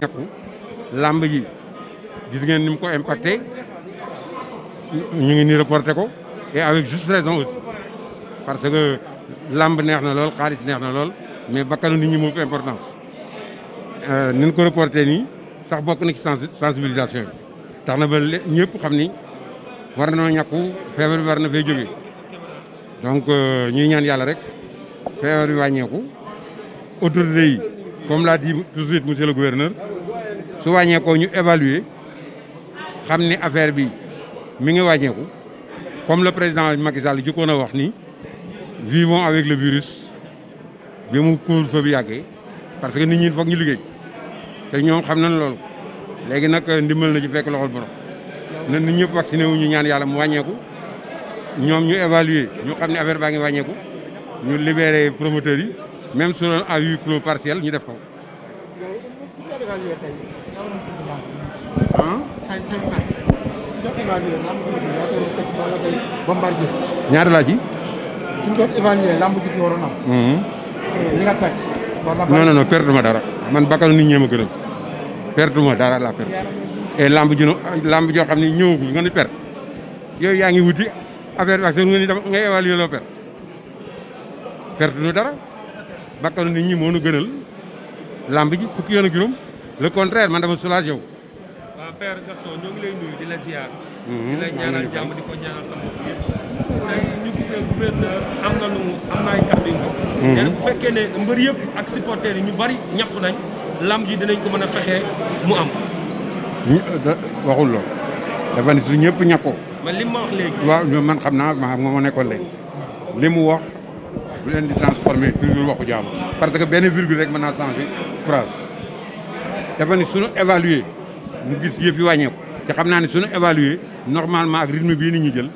ñàkku làmb ji gis ngeen ni mu ko impacté ñu ngi nii reporté ko et avec juste raison aussi parce que làmb neex na lool xaalis neex na lool mais bakkanu ni ñi moo ko importance euh, ni ñu ko reporté ni sax bokk na ci sensibilisation bi tax na ba ñëpp xam ni warno na ñàkku feebar bi war na fay jógee donc euh, ñuy ñaan yàlla rek feebar bi wàññeeku autorité yi comme l'a dit monsieur le gouverneur su wàññeekoo ñu évaluer xam ni affaire bi mi ngi wàññeeku comme le président Macky Sall jëkkoon a wax ni vivons avec le virus bi mu couvre-feu bi yàggee parce que nit ñi foog ñu liggéey te ñoom xam nañ loolu léegi nag euh, ndimbal na ci fekk loxol borom na nit ñëpp vacciné wu ñu ñaan yàlla mu wàññeeku ñoom ñu évaluer ñu xam ne affaire baa ngi wàññeeku ñu libéré promoteurs yi même su doon à huis clos partiel ñu def ko. ñaata laa ci. suñ doon mm-hmm. eh, ma dara man baka nit ñee ma gënal perte ma dara la perte et lamb ji lamb joo xam ne ñëwagul nga ni yooyu yaa ngi wuti affaire bi ak nga ni dama ngay évaluer loo perte perte nu dara bakkanu nit ñi moo nu gënal fukki yoon ak le contraire man dama soulagé wu. waaw Père ñoo ngi lay nuyu di la ziar. Hmm, di la ñaanal jàmm di ko ñaanal sa mbokk yëpp. tey ñu gis ne gouverneur am na nu am na ay kàddu yu hmm. bu fekkee ne mbër yëpp ak supporters yi ñu bari ñàkku nañ lamb ji dinañ ko mën a fexe mu am. Euh, waxul dafa ne su ñëpp ñàkkoo. man li ma wax léegi. waaw man xam naa ma ma nekkoon léegi li wax bu leen di transformer toujours waxu jàmm parce que benn virgule rek mën naa dafa ne suñu évaluer mu gis yëf yi wàññeeku te xam naa ne suñu évaluer normalement ak rythme bii ni ñi jël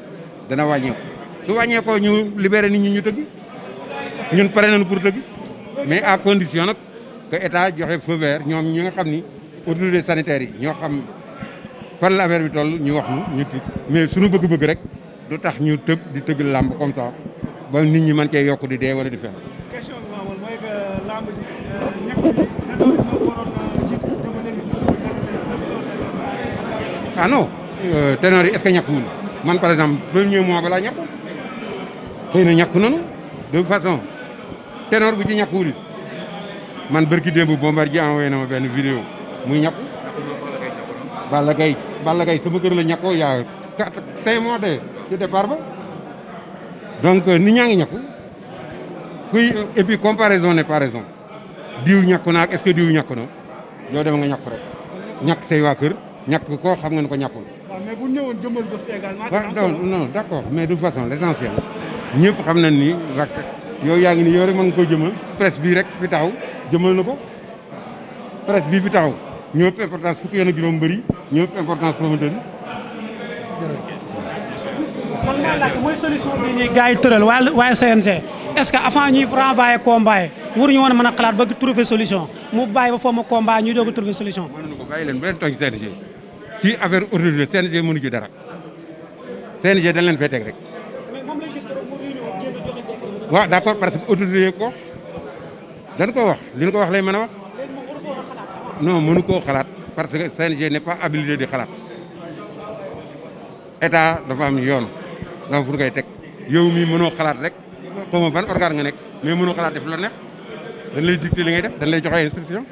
dana wàññeeku su wàññeekoo ñu libere nit ñi ñu tëgg ñun pare nañu pour tëgg mais à condition nag que état joxe feu ñoom ñu nga xam ni autorités sanitaires yi ñoo xam fan la affaire bi toll ñu wax ñu ñu tiit mais suñu bëgg-bëgg rek du tax ñu tëb di tëgg làmb comme ça ba nit ñi mën cee yokku di dee wala di fen ano ah non euh, yi est-ce man par exemple premier mois balaa xëy na ñàkku nanu de façon ténor bu ci ñàkkuwul man bërki démb Bombardier envoyé na ma benn vidéo muy ñàkku Balla Gaye Balla Gaye sama kër la ñàkkoo yaa quatre ba donc euh, nit ñaa ngi ñàkku kuy euh, et puis comparaison n'est pas diw ñàkku ak est-ce que diw ñàkku yow dem nga ñàkku rek ñàkk say waa kër ñàkk ko xam nga ne ko ñàkkul. waaw mais bu ñëwoon jëmbal bés également. non mais de façon l' essentiel ñëpp xam na ni rak yow yaa ngi ni yow rek ma nga ko jëmal presse bii rek fi taxaw jëmal na ko presse bii fi taxaw ñoo ëpp importance fukki yoon ak juróom bëri ñoo importance promoteur bi. man maa laaj mooy solution bi nii gars yi tëral waaye waaye CNG est ce que ñuy renvoyer combat yi waruñu woon mën a xalaat bëgg trouver solution mu bàyyi ba foo ma combat ñu doog a trouver ci affaire ordinaire CNG mënu ci dara CNG dañ leen fay teg rek. waaw d' accord parce que autorité ko dañ ko wax li ko wax lay mën a wax. noo mënu koo xalaat parce que CNG n' ne pas habilité di xalaat état dafa am yoon nga xam koy teg yow mii mënoo xalaat rek xaw ma ban organe nga nekk mais mënu xalaat def la neex dañ lay dicté li ngay def dañ lay joxe instruction